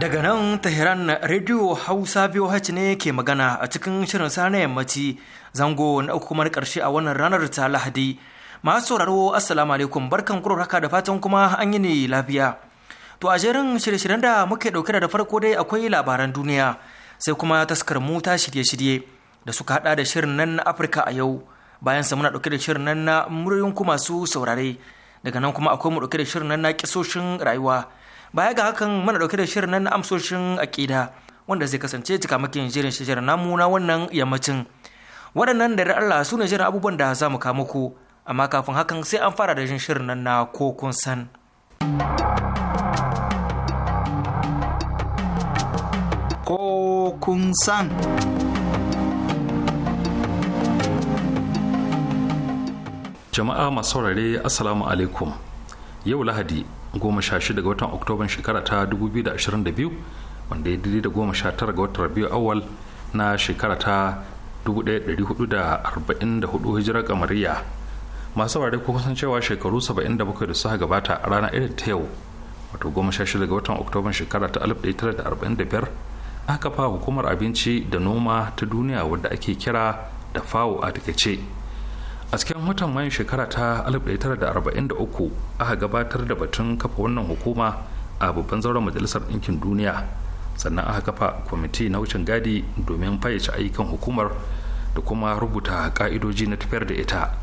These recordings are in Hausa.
Daga nan Tehran Radio Hausa biyu VOH ne ke magana a cikin shirin sa yammaci zango na uku kuma ƙarshe a wannan ranar ta Lahadi. Masu sauraro Assalamu alaikum barkan haka da fatan kuma an yi ne lafiya. To a jerin shirye-shiryen da muke ɗauke da farko dai akwai labaran duniya sai kuma taskar mu ta shirye-shirye da suka haɗa da shirin nan na Afirka a yau bayan sa muna ɗauke da shirin nan na muryoyin ku masu saurare daga nan kuma akwai mu ɗauke da shirin nan na kisoshin rayuwa baya ga hakan mana dauke da shirin nan na amsoshin akida wanda zai kasance cikamakin jirin shirin namu na wannan yammacin waɗannan da Allah su ne jiran abubuwan da za mu kama ku amma kafin hakan sai an fara da jin shirin nan na ko kun san ko san jama'a masu saurare assalamu alaikum yau lahadi goma sha shida ga watan oktoban shekara ta 2022 wanda ya daidai da tara ga watan rabiu awal na shekara ta 1444 hijirar kamariya masu ware ko kusan cewa shekaru 77 da suka gabata a rana irin ta yau wato goma sha shida ga watan oktoban shekara ta 1945 aka fa hukumar abinci da noma ta duniya wadda ake kira da fawo a takaice a cikin watan mayun shekara ta 1943 aka gabatar da batun kafa wannan hukuma a babban zauren majalisar ɗinkin duniya sannan aka kafa kwamiti na wucin gadi domin fayyace ayyukan hukumar da kuma rubuta ka'idoji na tafiyar da ita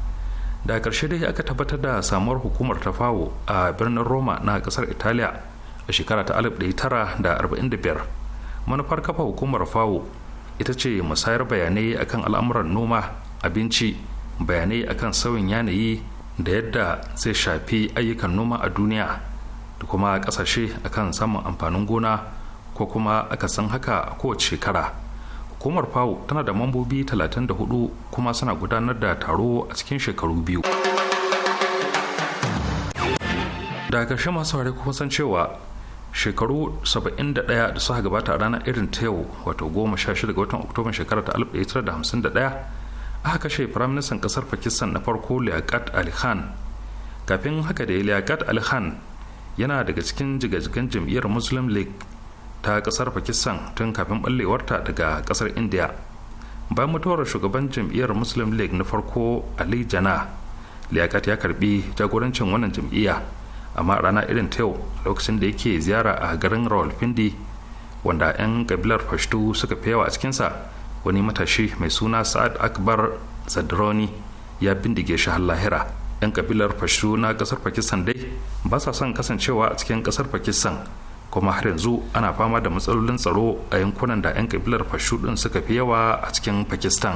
da karshe dai aka tabbatar da samuwar hukumar ta fawo a birnin roma na ƙasar italiya a shekara ta 1945 manufar kafa hukumar fawo ita ce musayar bayanai akan al'amuran noma abinci bayanai akan sauyin yanayi da yadda zai shafi ayyukan noma a duniya da kuma kasashe akan samun amfanin gona ko kuma aka san haka a kowace shekara hukumar fao tana da mambobi 34 kuma suna gudanar da taro a cikin shekaru biyu da ƙarshe masu saurari kuma san cewa shekaru 71 da suka gabata a ranar irin ta yau wato 16 ga watan oktoba shekarar ta 1951 aka kashe firaministan kasar pakistan na farko liaquat ali khan kafin haka da liaquat ali khan yana daga cikin jigajigan jam'iyyar muslim league ta kasar pakistan tun kafin ballewarta daga kasar india bayan mutuwar shugaban jam'iyyar muslim league na farko ali jana liaquat ya karbi jagorancin wannan jam'iyya amma rana irin ta yau lokacin da yake ziyara a garin rawalpindi wanda 'yan kabilar fashtu suka fi yawa a cikinsa wani matashi mai suna sa'ad akbar zadroni ya bindige shi har lahira 'yan kabilar fashu na kasar pakistan dai ba sa son kasancewa a cikin kasar pakistan kuma har yanzu ana fama da matsalolin tsaro a yankunan da 'yan kabilar fashu din suka fi yawa a cikin pakistan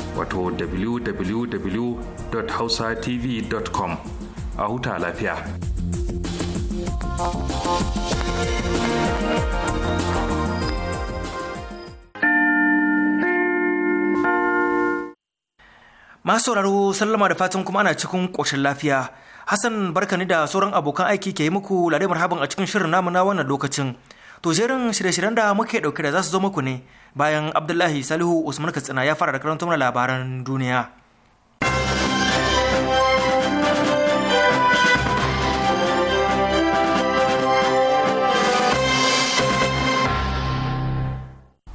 wato www.hausatv.com a huta lafiya. Masu sauraro sallama da fatan kuma ana cikin ƙoshin lafiya. Hassan barkani da sauran abokan aiki ke yi muku lare marhaban a cikin shirin namu na wannan lokacin. To jerin shirye-shiryen da muke ɗauke da za su zo muku ne bayan abdullahi salihu usman katsina ya fara da karanta mana labaran duniya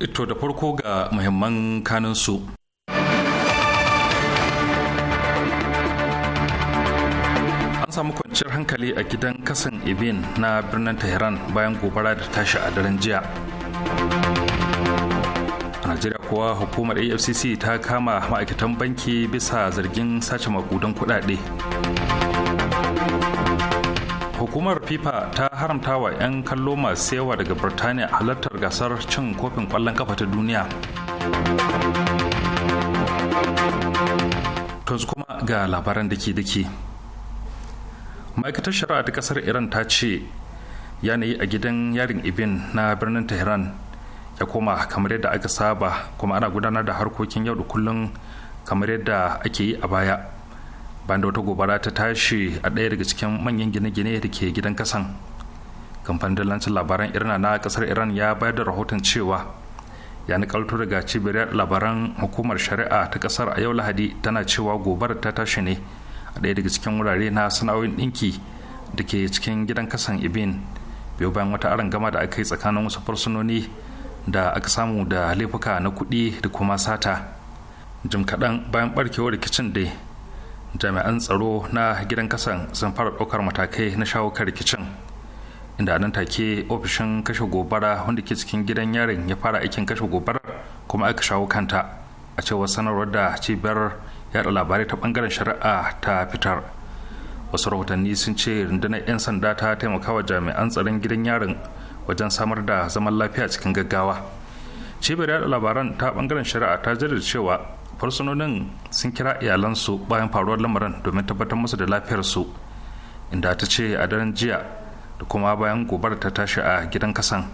ito da farko ga muhimman kanunsu an samu kwanciyar hankali a gidan kasan ibin na birnin tehran bayan gobara da tashi a daren jiya najeriya kuwa hukumar afcc ta kama ma'aikatan banki bisa zargin sace makudan kudade hukumar fifa ta haramta wa 'yan kallo masu yawa daga birtaniya halartar gasar cin kofin kwallon kafa ta duniya yanzu kuma ga labaran da ke ma'aikatar shari'a ta kasar iran ta ce yanayi a gidan yarin ibin na birnin tehran ya koma kamar yadda aka saba kuma ana gudanar da harkokin yau da kullum kamar yadda ake yi a baya bayan da wata gobara ta tashi a ɗaya daga cikin manyan gine-gine da ke gidan kasan kamfanin dalancin labaran irna na kasar iran ya bayar da rahoton cewa ya nikalto daga cibiyar labaran hukumar shari'a ta kasar a yau lahadi tana cewa gobarar ta tashi ne a ɗaya daga cikin wurare na sana'o'in ɗinki da ke cikin gidan kasan ibin biyu bayan wata aron gama da aka yi tsakanin wasu fursunoni da aka samu da laifuka na kuɗi da kuma sata jim kaɗan bayan barkewar rikicin dai jami'an tsaro na gidan kasan sun fara ɗaukar matakai na shawo kan rikicin inda nan take ofishin kashe gobara wanda ke cikin gidan yarin ya fara aikin kashe gobara kuma aka shawo kanta a cewar sanarwar da cibiyar yada labarai ta bangaren shari'a ta fitar wasu rahotanni sun ce rundunar 'yan sanda ta taimakawa jami'an tsaron gidan yarin wajen samar da zaman lafiya cikin gaggawa cibiyar yada labaran ta bangaren shari'a ta jirar cewa farsunonin sun kira iyalansu bayan faruwar lamarin domin tabbatar musu da lafiyarsu inda ta ce a daren jiya da kuma bayan gobar ta tashi a gidan kasan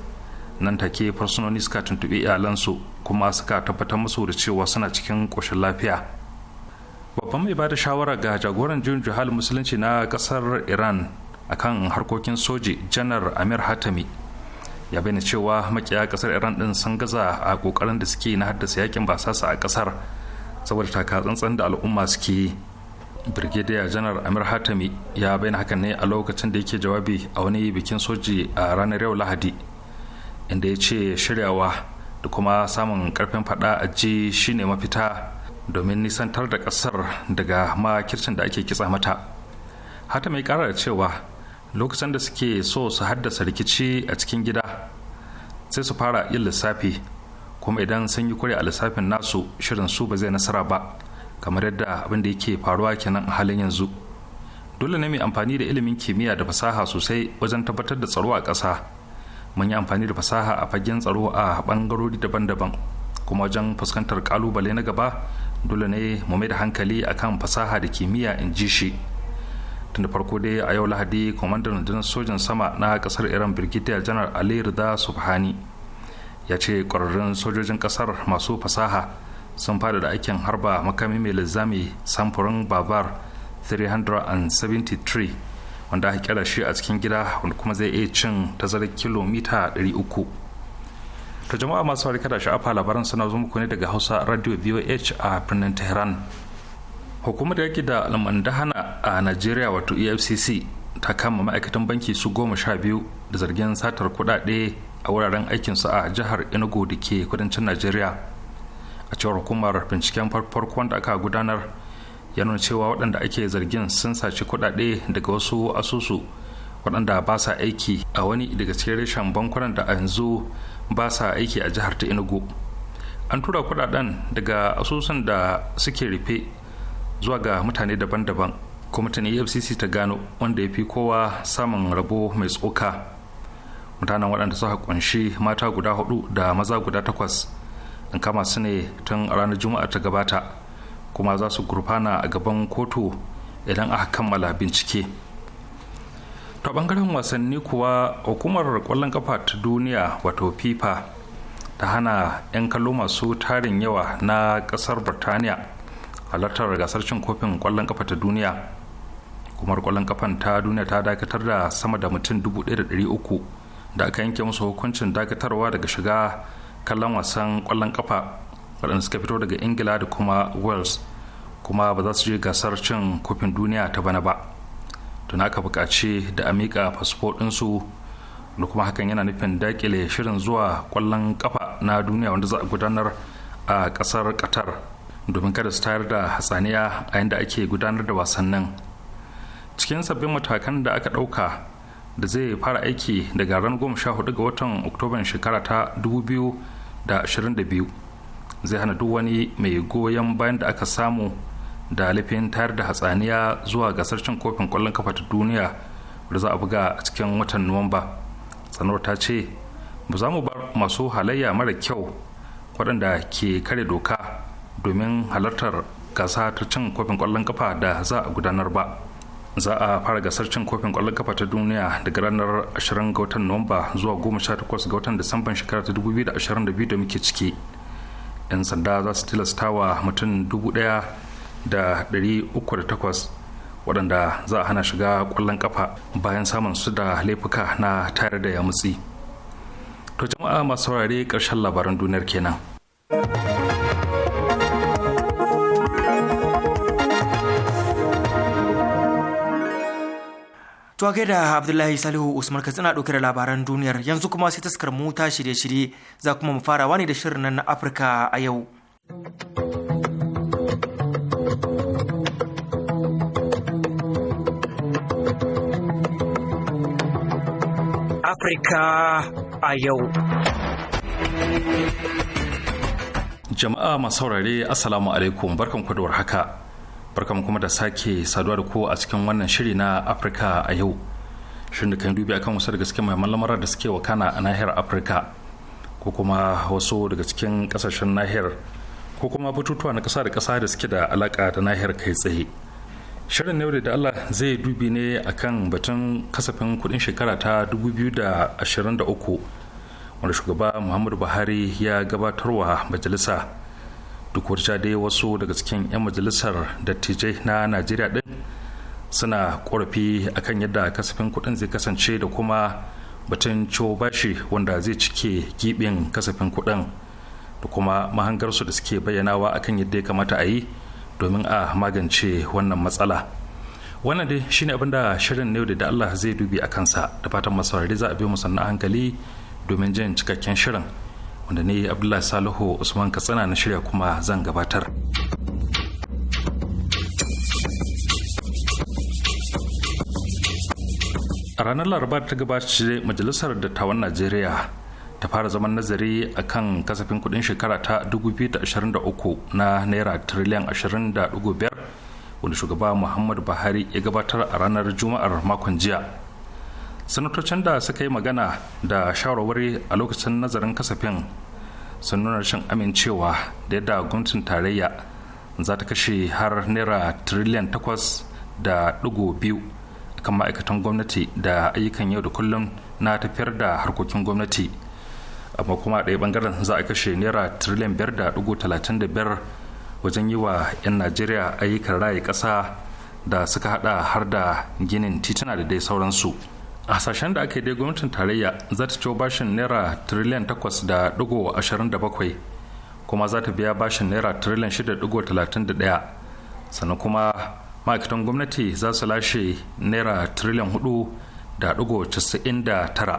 nan take farsunoni suka tuntuɓi iyalansu kuma suka tabbatar musu da cewa suna cikin ƙoshin lafiya babban mai bada shawara ga jagoran jin juhal musulunci na ƙasar iran akan harkokin soji janar amir hatami ya bayyana cewa makiya kasar iran din sun gaza a kokarin da suke na haddasa yakin basasa a kasar saboda taka tsantsan da al'umma suke yi brigadier janar amir hatami ya bayyana hakan ne a lokacin da yake jawabi a wani bikin soji a ranar yau lahadi inda ya ce shiryawa da kuma samun karfin fada a ji shine mafita domin nisantar da kasar daga makircin da ake kitsa mata hatami ya kara da cewa lokacin da suke so su haddasa rikici a cikin gida sai su fara yin lissafi kuma idan sun yi kure a lissafin nasu shirin su ba zai nasara ba kamar yadda abin da yake faruwa kenan a halin yanzu dole ne mai amfani da ilimin kimiyya da fasaha sosai wajen tabbatar da tsaro a ƙasa mun yi amfani da fasaha a fagen tsaro a ɓangarori daban-daban kuma wajen fuskantar ƙalubale na gaba dole ne mu mai da hankali akan fasaha da kimiyya in ji shi tun da farko dai a yau lahadi kwamandan rundunar sojin sama na kasar iran birgidiyar janar ali rida subhani ya ce kwararrun sojojin kasar masu fasaha sun fada da aikin harba makami mai lizami samfurin bavar 373 wanda aka kira shi a cikin gida wanda kuma zai iya cin tazarar kilomita 300 ta jama'a masu harika da sha'afa labaran suna zo muku ne daga hausa radio voh a birnin tehran hukumar yaki da almandahana a nigeria wato efcc ta kama ma'aikatan banki su goma sha biyu da zargin satar kudade a wuraren aikin aikinsu a jihar enugu da ke kudancin nigeria a cewar hukumar binciken farkon da aka gudanar ya nuna cewa waɗanda ake zargin sun saci kuɗaɗe daga wasu asusu waɗanda ba sa aiki a wani daga cikin reshen bankunan da a yanzu ba sa aiki a jihar ta enugu an tura kudaden daga asusun da suke rufe zuwa ga mutane daban-daban kwamitin efcc ta gano wanda ya fi kowa samun rabo mai tsoka mutanen waɗanda suka kunshi mata guda hudu da maza guda takwas an kama su ne tun ranar juma'a ta gabata kuma za su gurfana a gaban kotu idan aka kammala bincike ta bangaren wasanni kuwa hukumar kwallon kafa ta duniya wato fifa ta hana 'yan kallo masu tarin yawa na ƙasar burtaniya. halartar gasar cin kofin kwallon kafa ta duniya kumar kwallon kafan ta duniya ta dakatar da sama da mutum 1,300 da aka yanke musu hukuncin dakatarwa daga shiga kallon wasan kwallon kafa waɗanda suka fito daga ingila da kuma wales kuma ba za su je gasar cin kofin duniya ta bana ba tuna aka buƙaci da a miƙa fasfo ɗinsu da kuma hakan yana nufin dakile shirin zuwa kwallon kafa na duniya wanda za a gudanar a ƙasar ƙatar. domin kada su tayar da hatsaniya a yadda ake gudanar da wasannin cikin sabbin matakan da aka ɗauka da zai fara aiki daga ran goma sha hudu ga watan oktoban shekara ta da biyu zai hana duk wani mai goyon bayan da aka samu da laifin tayar da hatsaniya zuwa gasar cin kofin kwallon kafa ta duniya da za a buga a cikin watan nuwamba sanar ta ce ba za mu bar masu halayya mara kyau waɗanda ke kare doka domin halartar gasa ta cin kofin kwallon kafa da za a gudanar ba za a fara gasar cin kofin kwallon kafa ta duniya daga ranar 20 ga watan nuwamba zuwa 18 ga watan disamban shekara ta 2022 da muke ciki 'yan sanda za su tilasta wa mutum 1,308 waɗanda za a hana shiga kwallon kafa bayan samun su da laifuka na tare da yamutsi to jama'a masu saurare ƙarshen labaran duniyar kenan. To kai da Abdullahi Salihu Usman Katsina ɗauke da labaran duniyar yanzu kuma sai taskar mu ta shirye-shirye za kuma mu fara wani da shirin nan na Afirka a yau. Afirka a yau. Jama'a masu saurare Assalamu alaikum barkan da haka. Barkamu kuma da sake saduwa da ku a cikin wannan shiri na afirka a yau shirin da kan dubi akan wasu daga cikin mahimman lamarar da suke wakana a nahiyar afirka ko kuma wasu daga cikin kasashen nahiyar ko kuma batutuwa na kasa da kasa da suke da alaka da nahiyar kai tsaye shirin na da allah zai dubi ne akan batun kasafin kudin shekara ta 2023 wanda shugaba muhammadu buhari ya gabatarwa majalisa duk wata dai wasu daga cikin 'yan majalisar dattijai na najeriya din suna korafi akan yadda kasafin kudin zai kasance da kuma batun ciwo bashi wanda zai cike giɓin kasafin kudin da kuma mahangarsu da suke bayyanawa akan yadda ya kamata a yi domin a magance wannan matsala wannan dai shine abinda shirin ne da Allah zai dubi a kansa da fatan masu za a bi mu sannan hankali domin jin cikakken shirin wanda ne abdullahi salihu usman katsina na shirya kuma zan gabatar a ranar laraba ta gabace majalisar dattawan najeriya ta fara zaman nazari a kan kasafin kudin shekara ta 2023 na naira triliyan 20.5 wanda shugaba muhammadu buhari ya gabatar a ranar juma'ar makon jiya sanatocin da suka yi magana da shawarwari a lokacin nazarin kasafin sun nuna rashin amincewa da yadda gwamnatin tarayya za ta kashe har naira tiriliyan takwas da digo biyu kan ma'aikatan gwamnati da ayyukan yau da kullum na tafiyar da harkokin gwamnati amma kuma ɗaya bangaren za a kashe naira tiriliyan biyar da talatin da biyar wajen yi wa 'yan najeriya ayyukan raye ƙasa da suka hada har da ginin tituna da dai sauransu a hasashen da aka dai gwamnatin tarayya za ta ciwo bashin naira tiriliyan 8.27 kuma za ta biya bashin naira tiriliyan 6.31 sannan kuma ma'aikatan gwamnati za su lashe naira tiriliyan tara.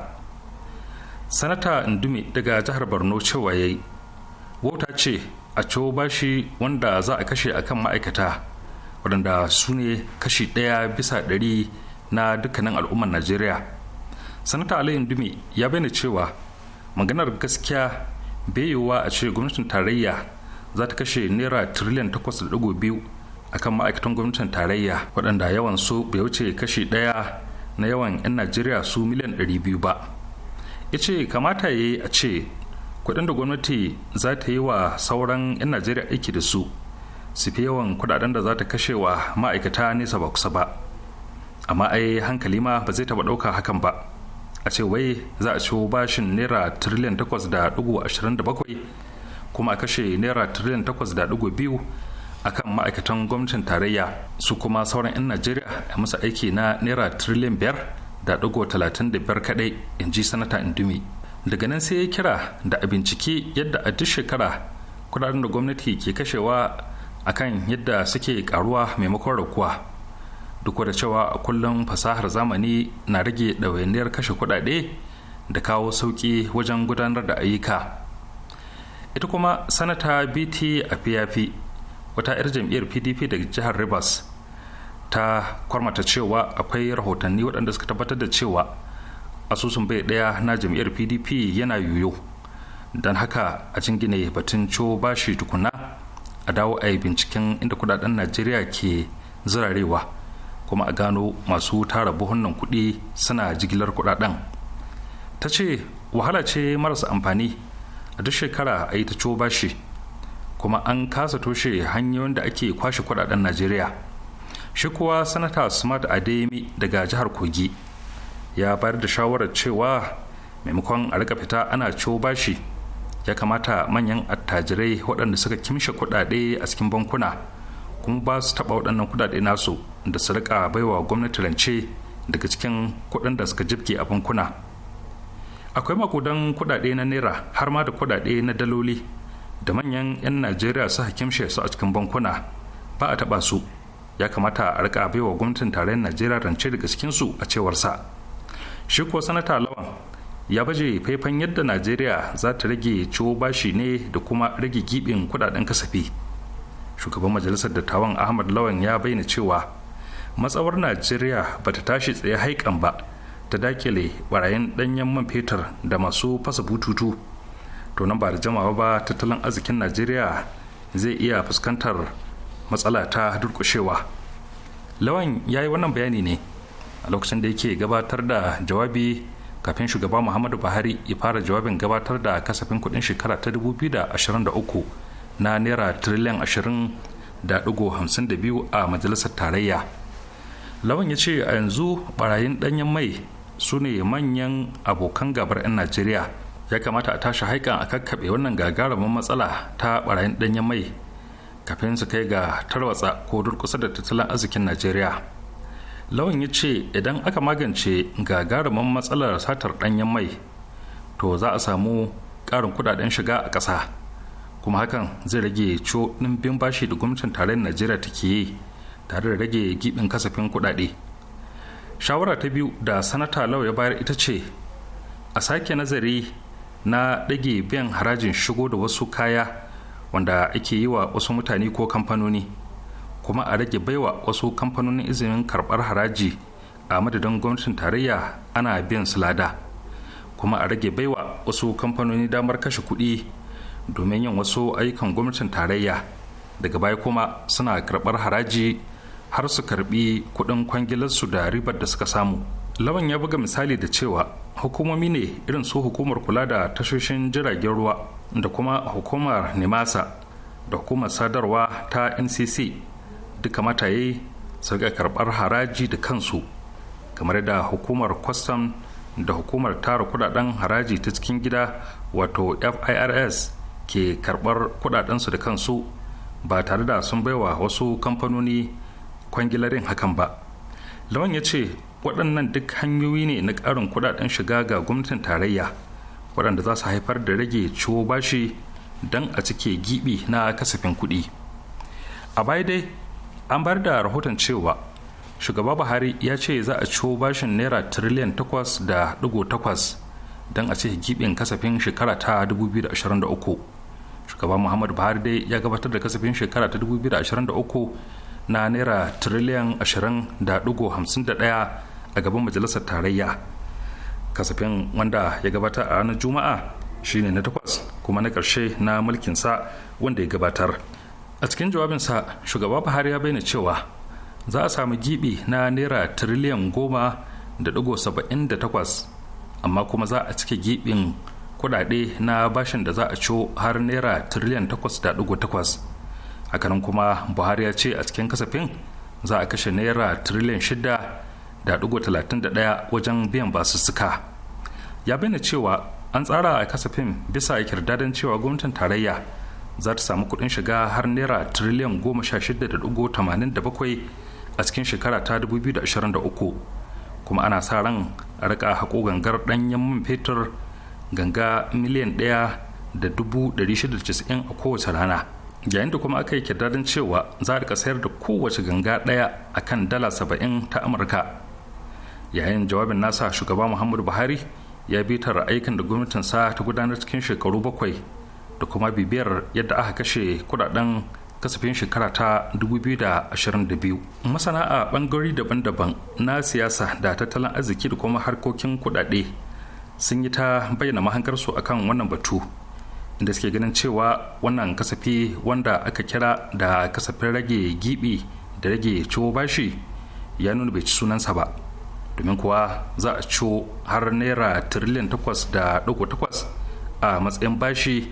sanata ndumi daga jihar borno cewa ya yi wauta ce a ciwo bashi wanda za a kashe akan ma'aikata waɗanda su ne kashi ɗaya bisa ɗari na dukkanin al'ummar najeriya sanata alayin dume ya bayyana cewa maganar gaskiya yiwuwa a ce gwamnatin tarayya za ta kashe naira tiriliyan 8.2 akan ma'aikatan gwamnatin tarayya waɗanda yawan su bai wuce kashi ɗaya na yawan 'yan najeriya su miliyan biyu ba ya ce kamata ya yi a ce kuɗin da gwamnati za ta yi wa sauran 'yan najeriya aiki da su su yawan kuɗaɗen da za ta kashe wa ma'aikata nesa ba kusa ba amma ai hankali ma ba zai taɓa ɗauka hakan ba a ce wai za a ciwo bashin naira triliyan takwas da ɗigo ashirin da bakwai kuma a kashe naira triliyan takwas da biyu akan ma'aikatan gwamnatin tarayya su kuma sauran 'yan najeriya a musu aiki na naira triliyan biyar da ɗigo talatin da biyar kaɗai in ji sanata indumi daga nan sai ya kira da a bincike yadda a duk shekara kudaden da gwamnati ke kashewa akan yadda suke karuwa maimakon rakuwa. duk da cewa kullum fasahar zamani na rage ɗawainiyar kashe kuɗaɗe da kawo sauƙi wajen gudanar da ayyuka ita kuma sanata bt a fiyafi wata 'yar jam'iyyar pdp daga jihar rivers ta kwarmata cewa akwai rahotanni waɗanda suka tabbatar da cewa asusun bai ɗaya na jam'iyyar pdp yana yoyo don haka a jingine batun co bashi tukuna a dawo a yi binciken inda kudaden najeriya ke zirarewa kuma a gano masu tara buhunan kuɗi suna jigilar kuɗaɗen ta ce wahala ce marasa amfani a duk shekara a yi ta ciwo bashi kuma an kasa toshe hanyoyin da ake kwashe kuɗaɗen najeriya shi kuwa sanata smart ademi daga jihar kogi ya bayar da shawarar cewa maimakon a rika fita ana ciwo bashi ya kamata manyan attajirai waɗanda suka kimshe kuɗaɗe a cikin bankuna kuma ba su taɓa waɗannan kuɗaɗe nasu da su rika baiwa gwamnati rance daga cikin kuɗin da suka jibge a bankuna akwai makudan kuɗaɗe na naira har ma da kuɗaɗe na daloli da manyan 'yan najeriya su shi su a cikin bankuna ba a taɓa su ya kamata a rika baiwa gwamnatin tarayyar najeriya rance daga su a cewar sa shi ko sanata lawan ya baje faifan yadda najeriya za ta rage ciwo bashi ne da kuma rage gibin kudaden kasafi shugaban majalisar dattawan ahmad lawan ya bayyana cewa matsawar najeriya ba ta tashi tsaye haikan ba ta dakile barayin danyen man fetur da masu fasa bututu to nan ba da jamawa ba tattalin arzikin najeriya zai iya fuskantar matsala ta durkushewa lawan ya yi wannan bayani ne a lokacin da yake gabatar da jawabi kafin shugaba muhammadu buhari ya fara jawabin gabatar da kasafin kudin shekara ta 2023 na naira tiriliyan ashirin da digo hamsin da biyu a majalisar tarayya lawan ya ce a yanzu barayin danyen mai su ne manyan abokan gabar 'yan najeriya ya kamata a tashi haikan a kakkaɓe wannan gagarumin matsala ta barayin danyen mai kafin su kai ga tarwatsa ko durkusa da tattalin arzikin najeriya lawan ya ce idan aka magance gagarumin matsalar satar danyen mai to za a samu ƙarin kudaden shiga a ƙasa kuma hakan zai rage co ɗimbin bashi da gwamnatin tarayyar najeriya take yi tare da rage gibin kasafin kuɗaɗe shawara ta biyu da sanata lau ya bayar ita ce a sake nazari na dage biyan harajin shigo da wasu kaya wanda ake yi wa wasu mutane ko kamfanoni kuma a rage baiwa wasu kamfanonin izinin karɓar haraji a madadin gwamnatin tarayya ana biyan su lada kuma a rage baiwa wasu kamfanoni damar kashe kuɗi domin yin wasu ayyukan gwamnatin tarayya daga baya kuma suna karɓar haraji har su karɓi kuɗin kwangilarsu da ribar da suka samu lawan ya buga misali da cewa hukumomi ne irin su hukumar kula da tashoshin jiragen ruwa da kuma hukumar nemasa da hukumar sadarwa ta ncc duka mataye su ga karɓar haraji da kansu kamar da hukumar kwastam da hukumar tara kudaden haraji ta cikin gida wato firs ke karɓar kudadensu da kansu ba tare da sun baiwa wasu kamfanoni kwangilarin hakan ba lawan ya ce waɗannan duk hanyoyi ne na ƙarin kudaden shiga ga gwamnatin tarayya waɗanda za su haifar da rage ciwo bashi don a cike gibi na kasafin kuɗi a baya dai an bar da rahoton cewa shugaba buhari ya ce za a ciwo bashin naira tiriliyan takwas da digo takwas don a cike gibin kasafin shekara ta 2023 shugaba muhammadu buhari dai ya gabatar da kasafin shekara ta 2023 na naira tiriliyan 20.51 a gaban majalisar tarayya kasafin wanda ya gabatar a ranar juma'a shine na takwas kuma na karshe na mulkin sa wanda ya gabatar a cikin jawabinsa shugaba buhari ya bayyana cewa za a samu gibi na naira tiriliyan goma da digo saba'in da takwas amma kuma za a cike gibin kudade na bashin da za a ciwo har naira tiriliyan 8.8 hakanan kuma buhari ya ce a cikin kasafin za a kashe naira tiriliyan 6.31 wajen biyan basussuka ya bayyana cewa an tsara a kasafin bisa kirdadan cewa gwamnatin tarayya za ta samu kudin shiga har naira tiriliyan 16.87 a cikin shekara ta 2023 kuma ana sa ran a rika haƙo gangar ɗanyen man fetur ganga miliyan ɗaya da dubu casa'in a kowace rana yayin da kuma aka yi kirdarin cewa za a sayar da kowace ganga ɗaya akan dala saba'in ta amurka yayin jawabin nasa shugaba muhammadu buhari ya bi ta ra'ayikan da gwamnatinsa ta gudanar cikin shekaru bakwai da kuma bibiyar yadda aka kashe kudaden kasafin shekara ta 2022 masana a bangarori daban-daban na siyasa da tattalin arziki da kuma harkokin kudade sun yi ta bayyana a kan wannan batu inda suke ganin cewa wannan kasafi wanda aka kira da kasafin rage gibi da rage ciwo bashi ya nuna bai ci sunansa ba domin kuwa za a ciwo har naira tiriliyan takwas da ɗigo takwas a matsayin bashi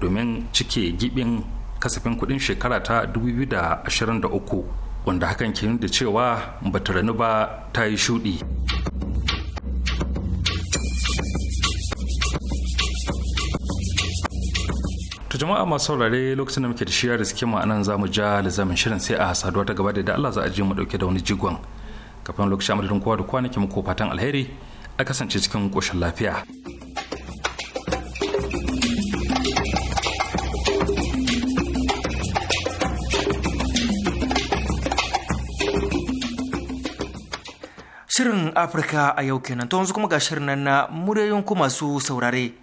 domin cike gibin kasafin kudin shekara ta 2023 wanda hakan ke da cewa ba ta ba ta yi shuɗi. to jama'a masu saurare lokacin da muke da shirya da suke ma'anan za mu ja lizamin shirin sai a saduwa ta gaba da Allah za a je mu dauke da wani jigon kafin lokacin amadadin kowa da kwanaki muku fatan alheri a kasance cikin koshin lafiya. Shirin Afirka a yau kenan to yanzu kuma ga shirin nan na muryoyin ku masu saurare.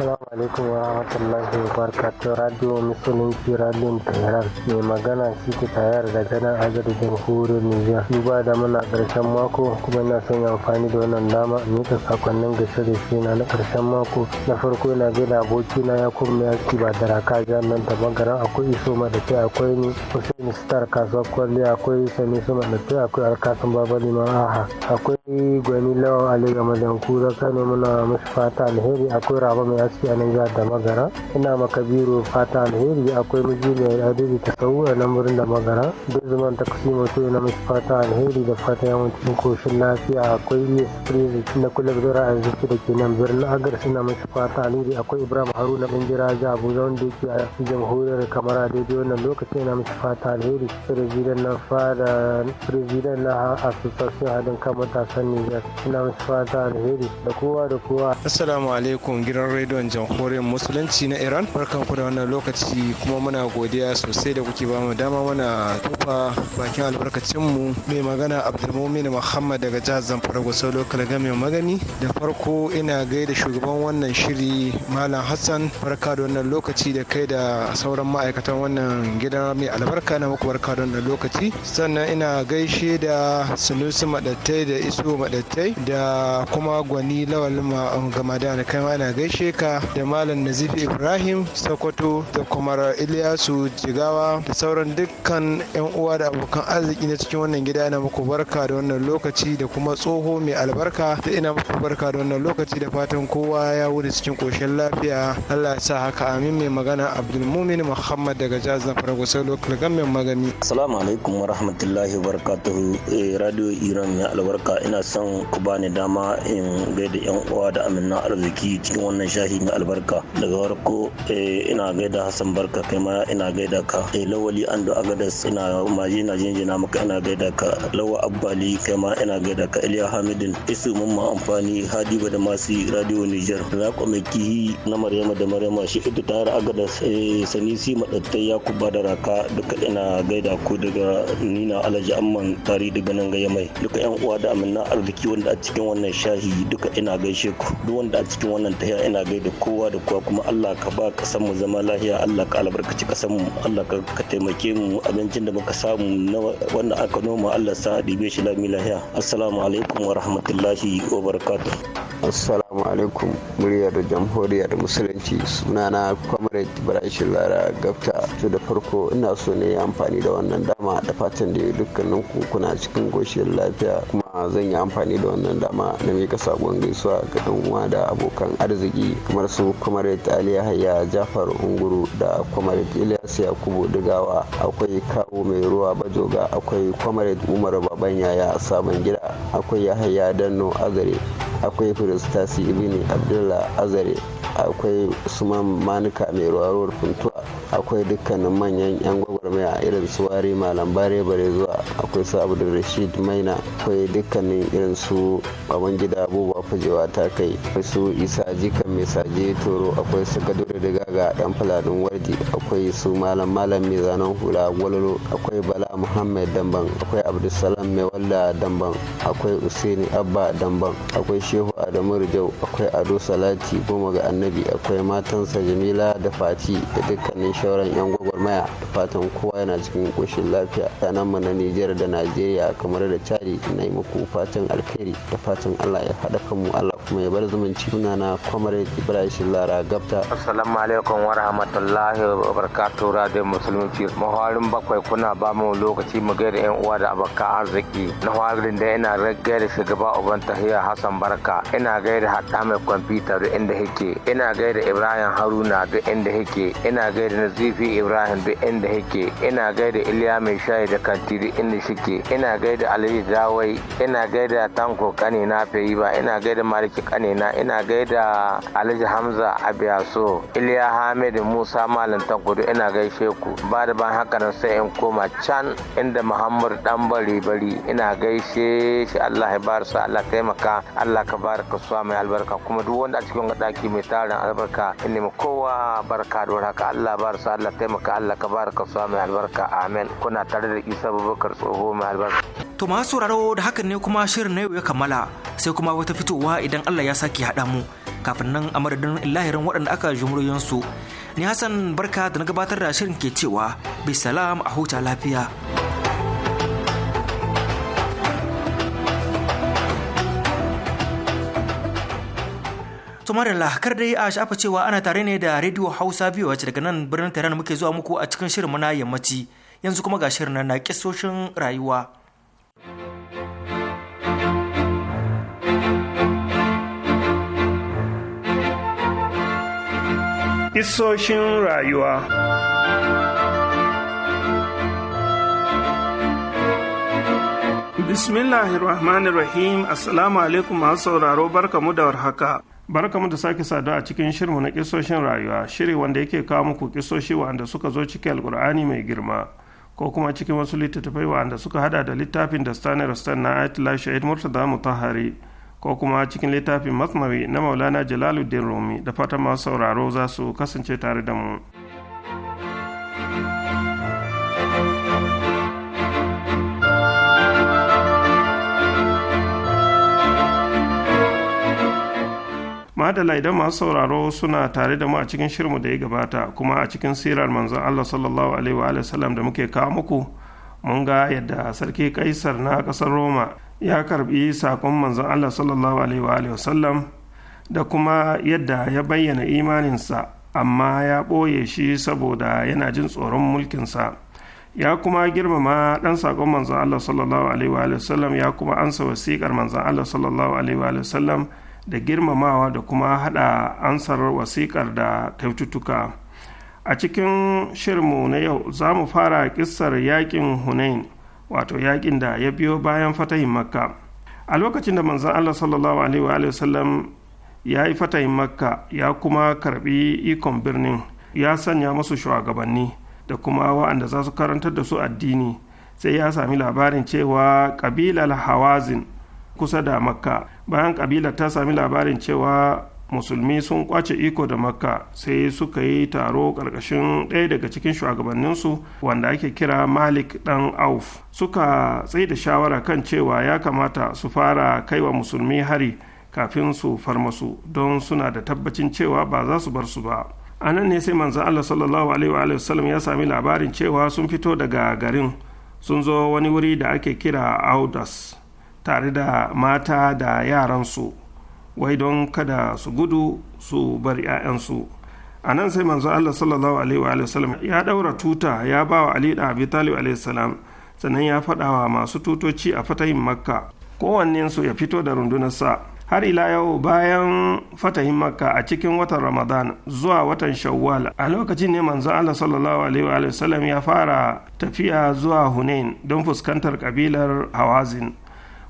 Assalamu alaikum wa rahmatullahi wa barakatuh Radio Musulunci Radio Tehran mai magana shi tayar da ganin da jamhuriyar Nijar. Duba da muna karshen mako kuma ina son amfani da wannan dama in ta sakonnin gasa da shi na karshen mako. Na farko ina da aboki na Yakubu mai yaki ba da raka jihar nan da akwai iso madafi akwai ni Hussein Star kasuwa kwalli akwai Sani Iso madafi akwai Alkasun Babali aha. akwai Gwani Lawan Ali Gama kura Kano muna mashi fata alheri akwai Raba mai Tasi a Nijar da Magara. Ina maka biro fata alheri akwai mujibi a adadi ta sauwa na murin da Magara. zaman ta kusi mutu na mashi fata alheri da fata ya mutu koshin lafiya akwai Yes Prezi na kula da zura arziki da ke nan birnin Agar suna mashi fata alheri akwai Ibrahim Haruna Bingira ja Abuja wanda yake a jamhuriyar Kamara daidai wannan lokaci yana mashi fata alheri. Prezidan na fada Prezidan na Asusasun Hadin Kan Matasan Nijar suna mashi fata alheri da kowa da kowa. Assalamu alaikum gidan rediyo rediyon jamhuriyar musulunci na iran barkan ku da wannan lokaci kuma muna godiya sosai da kuke bamu dama muna tufa bakin albarkacin mu mai magana abdulmumin muhammad daga jihar zamfara gusau lokal gamin magani da farko ina gaida shugaban wannan shiri malam hassan barka da wannan lokaci da kai da sauran ma'aikatan wannan gidan mai albarka na muku barka da wannan lokaci sannan ina gaishe da sunusu madattai da isu madattai da kuma gwani lawal gama da kai ma ina gaishe ka da Malam Nazifi Ibrahim Sokoto da kuma Ilyasu Jigawa da sauran dukkan 'yan uwa da abokan arziki na cikin wannan gida na muku barka da wannan lokaci da kuma tsoho mai albarka da ina muku barka da wannan lokaci da fatan kowa ya wuce cikin koshin lafiya Allah ya sa haka amin mai magana Abdulmumin Muhammad daga jihar na Faragosai lokal gamin Magani. Assalamu alaikum wa rahmatullahi wa barakatuhu eh, Radio Iran mai albarka ina son ku bani dama in gaida 'yan uwa da amina arziki cikin wannan shahi ibrahim albarka daga farko eh, ina gaida hassan barka kai ma ina gaida ka eh, lawali ando agadas ina maji na jinjina maka ina gaida ka lawa abbali kai ma ina gaida ka iliya hamidin isu mamma amfani hadiba da masu radio niger ku mai kihi na maryama da maryama shi ita ta har agadas eh, sanisi madattai ya ku da raka duka ina gaida ku daga nina alhaji amman tari daga nan gaya mai duka yan uwa da amina arziki wanda a cikin wannan shahi duka ina gaishe ku duk wanda a cikin wannan tahiya ina gaida da kowa da kowa kuma Allah ka ba kasan mu zama lahiya. Allah ka albarkaci kasan mu Allah ka taimake mu abincin da muka samu na wannan aka noma Allah sa ɗibe shi lami lahiya. assalamu alaikum wa rahmatullahi wa barakatuh assalamu alaikum muryar jamhuriyar musulunci sunana comrade Ibrahim Lara Gafta to da farko ina so ne amfani da wannan dama da fatan da dukkanin ku kuna cikin goshin lafiya kuma zan yi amfani da wannan dama na mika sabon gaisuwa ga dan uwa da abokan arziki kamar su comrade ali yahaya jafar unguru da comrade ilyas yakubu digawa akwai kawo mai ruwa bajoga akwai comrade umar baban yaya sabon gida akwai yahaya danno azare akwai firistasi ibini abdullah azare akwai suman manuka mai ruwa funtuwa akwai dukkanin manyan yan gwagwarmaya irin su wari malam bare bare zuwa akwai su rashid maina akwai dukkanin irin su baban gida abubuwa fujewa ta kai akwai su isa jikan mai Jaje Toro akwai su Kaduru daga ga ɗan Fulanin Wardi akwai su Malam Malam mai zanen hula Gwalolo akwai Bala Muhammad Damban akwai Abdulsalam mai walla Damban akwai Usaini Abba Damban akwai Shehu Adamu Rijau akwai Ado Salati goma ga Annabi akwai matansa Jamila da Fati da dukkanin shauran 'yan gwagwarmaya da fatan kowa yana cikin ƙoshin lafiya ranar mu na Nijar da Najeriya kamar da cari na yi muku fatan alkhairi da fatan Allah ya haɗa kanmu Allah kuma ya bar zumunci muna na kwamar ibrahim lara gabta assalamu alaikum wa rahmatullahi wa barakatuh radio musulunci mahawarin bakwai kuna ba mu lokaci mu gaida yan uwa da abokan arziki na hawarin da ina gaida shugaba uban tahiya hassan barka ina gaida haɗa mai kwamfuta duk inda yake ina gaida ibrahim haruna duk inda yake ina gaida nazifi ibrahim duk inda yake ina gaida iliya mai shayi da kanti duk inda shike ina gaida aliyu dawai ina gaida tanko kane na fayi ba ina gaida maliki kane na ina gaida alhaji Alhaji Hamza Abiyaso, Iliya Hamid Musa Malam kudu ina gaishe ku. Ba da ban haka nan sai in koma can inda Muhammad Dan Bari Bari ina gaishe shi Allah ya bar sa Allah taimaka Allah ka baraka su mai albarka kuma duk wanda a cikin daki mai tarin albarka in nemi kowa barka da haka Allah bar sa Allah taimaka Allah ka baraka su mai albarka amen kuna tare da Isa Abubakar tsoho mai albarka. To masu sauraro da hakan ne kuma shirin na yau ya kammala sai kuma wata fitowa idan Allah ya saki haɗa mu. kafin nan a madadin lahirin waɗanda aka su ni hassan barka da na gabatar da shirin ke cewa salam a huta lafiya Somalila kar dai a shafa cewa ana tare ne da Radio Hausa biyu wacce daga nan birnin Tehran muke zuwa muku a cikin shirin na yammaci yanzu kuma ga shirin na kisoshin rayuwa. Isoshin rayuwa Bismillahirrahmanirrahim Assalamu alaikum masu sauraro barkamu da warhaka. Barkamu da sake saduwa a cikin shirmu na kisoshin rayuwa, shiri wanda yake kawo muku kisoshi wanda suka zo cikin alkur'ani mai girma. ko kuma cikin wasu littattafai wanda suka hada da littafin da stanley na aitla shahid murtaza mutahari ko kuma cikin littafin masnawi na maulana jalaluddin rumi da fatan masu sauraro za su kasance tare da mu madala idan masu sauraro suna tare da mu a cikin shirmu da ya gabata kuma a cikin sirar manzon allah sallallahu alaihi wa sallam da muke kawo muku mun ga yadda sarki kaisar na kasar roma ya karbi saƙon manzon Allah sallallahu alaihi sallam da kuma yadda ya bayyana imaninsa amma ya ɓoye shi saboda yana jin tsoron mulkinsa ya kuma girmama ɗan saƙon manzon Allah sallallahu alaihi sallam ya kuma ansa wasiƙar manzon Allah sallallahu alaihi sallam da girmamawa da kuma haɗa ansar wasiƙar da kyaututtuka a cikin shirmu na yau za mu fara ƙissar yaƙin hunain wato yakin da ya biyo bayan fatahin makka a lokacin da manzon allah sallallahu alaihi wa ya yi fatahin makka ya kuma karbi ikon birnin ya sanya masu shugabanni da kuma wa'anda za su karantar da su addini sai ya sami labarin cewa kabilar hawazin kusa da makka bayan kabilar ta sami labarin cewa musulmi sun kwace iko da makka sai suka yi taro ƙarƙashin ɗaya daga cikin shugabanninsu wanda ake kira malik ɗan auf suka tsaye da shawara kan cewa ya kamata su fara kai wa musulmi hari kafin su farmasu don suna da tabbacin cewa ba za su bar su ba a nan ne sai manzan allah sallallahu alaihi wa sallam ya sami labarin cewa sun fito daga garin sun zo wani wuri da ake kira audas tare da mata da yaransu wai don kada su gudu su bar 'ya'yansu a nan sai manzo Allah sallallahu alaihi wa sallam ya daura tuta ya ba wa Ali da Abi Talib alaihi salam sannan ya faɗa wa masu tutoci a fatahin Makka su ya fito da rundunar sa. har ila yau bayan fatahin makka a cikin watan ramadan zuwa watan shawwal a lokacin ne manzo allah sallallahu alaihi wa sallam ya fara tafiya zuwa hunain don fuskantar kabilar hawazin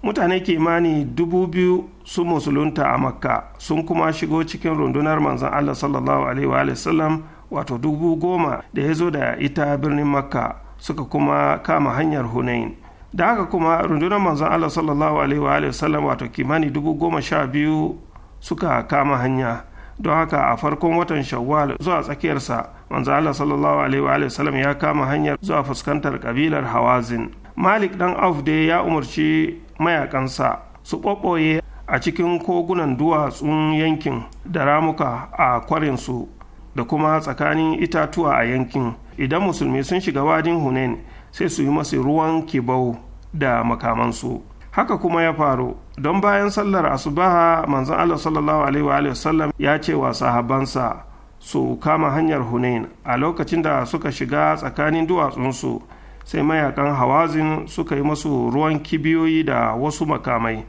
mutane kimani dubu biyu su musulunta a makka sun kuma shigo cikin rundunar manzon allah sallallahu alaihi wa sallam wato dubu goma da ya zo da ita birnin makka suka kuma kama hanyar hunain da haka kuma rundunar manzon allah sallallahu alaihi wa sallam wato kimani dubu goma sha biyu suka kama hanya don haka a farkon watan shawwal zuwa tsakiyarsa manzan Allah sallallahu alaihi wa sallam ya kama hanyar zuwa fuskantar kabilar hawazin malik dan auf dai ya umarci mayakansa su ɓoɓɓoye a cikin kogunan duwatsun yankin da ramuka a kwarinsu da kuma tsakanin itatuwa a yankin idan musulmi sun shiga wadin hunain sai su yi masu ruwan kibau da makamansu haka kuma ya faru don bayan sallar asubaha manzon allah sallallahu alaihi wa sallam ya ce wa sahabansa su kama hanyar hunain a lokacin da suka shiga tsakanin duwatsunsu sai mayakan hawazin suka yi masu ruwan kibiyoyi da wasu makamai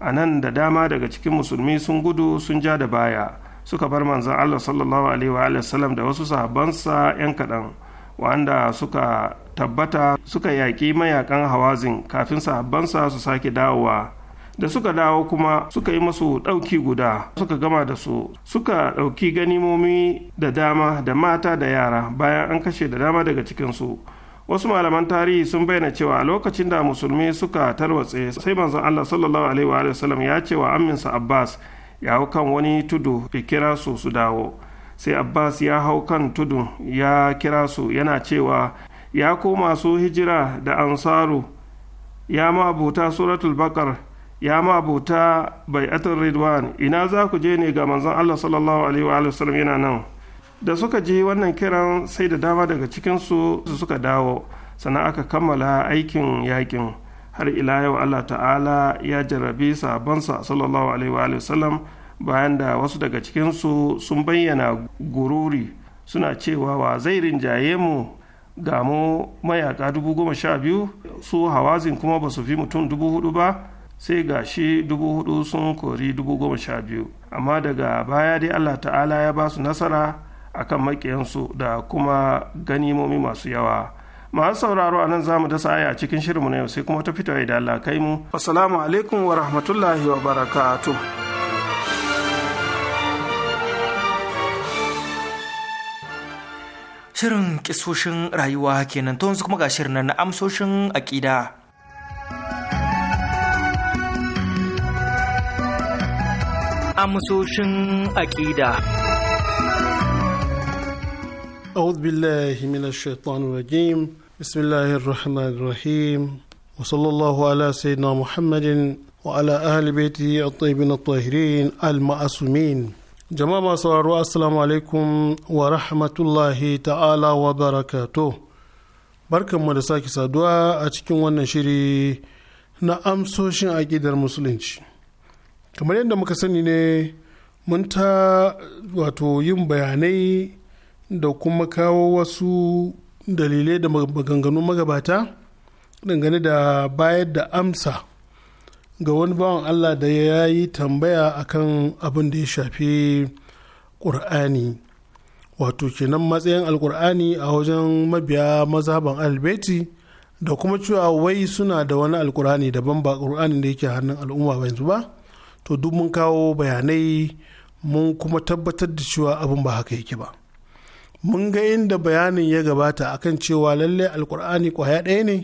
a nan da dama daga cikin musulmi sun gudu sun ja da baya suka bar manzan Allah sallallahu alaihi wa sallam da wasu sahabbansa 'yan kaɗan wanda suka tabbata suka yaƙi mayakan hawazin kafin sahabbansa su sake dawowa da suka dawo kuma suka yi masu ɗauki guda suka gama da su suka ɗauki ganimomi da dama da mata da yara bayan an kashe da dama daga cikinsu. su wasu malaman tarihi sun bayyana cewa a lokacin da musulmi suka tarwatse sai manzon Allah sallallahu alaihi wa sallam ya ce wa amminsa Abbas ya hau kan wani tudu ya kira su su dawo sai Abbas ya hau kan tudu ya kira su yana cewa ya koma su hijira da ansaru ya mabuta suratul bakar ya mabuta bai'atul ridwan ina za ku je ne ga manzon Allah sallallahu alaihi wa sallam yana nan da suka je wannan kiran sai da dama daga cikinsu su suka dawo sannan aka kammala aikin yakin har ila yau allah ta'ala ya jarabi sabonsa sallallahu alaihi wa sallam bayan da wasu daga cikinsu sun bayyana gururi suna cewa wa zai rinjaye mu ga mu mayaka dubu goma sha biyu su hawazin kuma ba su fi mutum dubu hudu ba sai ga shi dubu hudu sun kori dubu goma sha biyu amma daga baya dai allah ta'ala ya ba su nasara akan makiyansu da kuma ganimomi masu yawa masu sauraro a nan za mu dasa aya cikin shirinmu na yau sai kuma ta fito idan Allah kai mu assalamu alaikum wa rahmatullahi wa barakatuh Shirin kisoshin rayuwa kenan to yanzu kuma ga shirin na amsoshin aƙida. Amsoshin aƙida. أعوذ بالله من الشيطان الرجيم بسم الله الرحمن الرحيم وصلى الله على سيدنا محمد وعلى أهل بيته الطيبين الطاهرين المعصومين جماعة صلى السلام عليكم ورحمة الله تعالى وبركاته barkan mu da sake saduwa a cikin wannan shiri na amsoshin aƙidar musulunci kamar yadda muka sani ne mun ta wato yin bayanai da kuma kawo wasu dalilai da maganganu magabata dangane da bayar da amsa ga wani bawan Allah da ya yi tambaya akan abin da ya shafi ƙur'ani wato kenan matsayin alƙur'ani a wajen mabiya mazhaban albeti da kuma cewa wai suna da wani alƙur'ani daban ba ƙur'ani da yake hannun al'umma ba yanzu ba to duk mun kawo bayanai mun kuma tabbatar da cewa abin ba haka yake ba mun ga inda bayanin ya gabata akan cewa lalle alkur'ani kwaya ɗaya ne